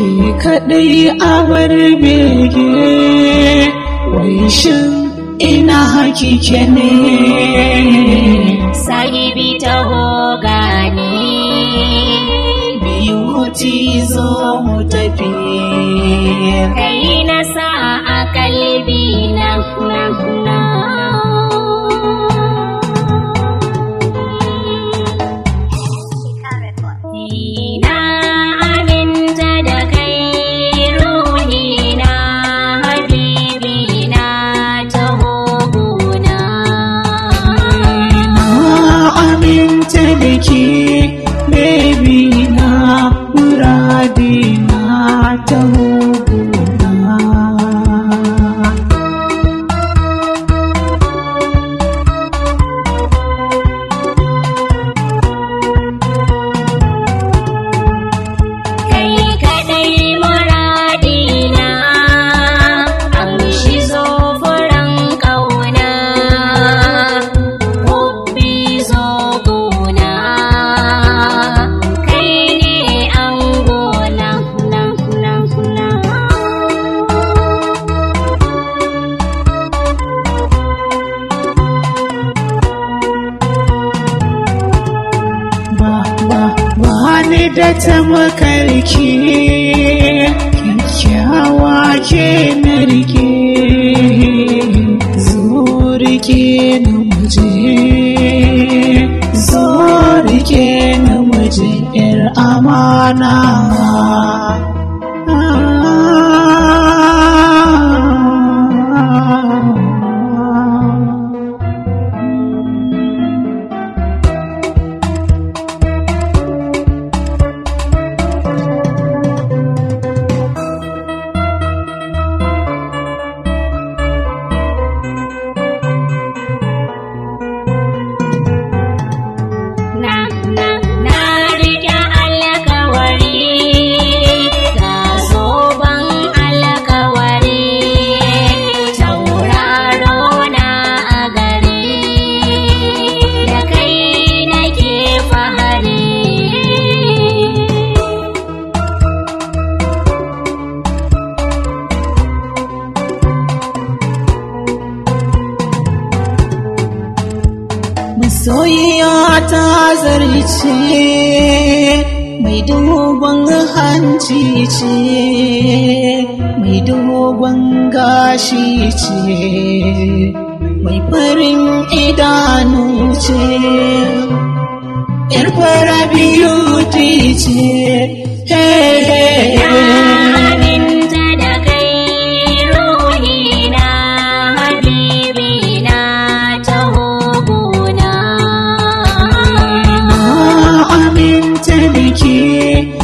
ke kaɗai a bar bege wai shin ina hakike ne sahibi ta gani biyu huti zo mu tafi kai na sa a kalbi na sabe que Wani da ta makarki kyakkyawa ke na rike zo rike na waje zo rike na waje 'yar amana soyayya ta zarce mai dogon hanci ce mai dogon gashi ce mai farin idanu ce yar fara biyu ce đi chi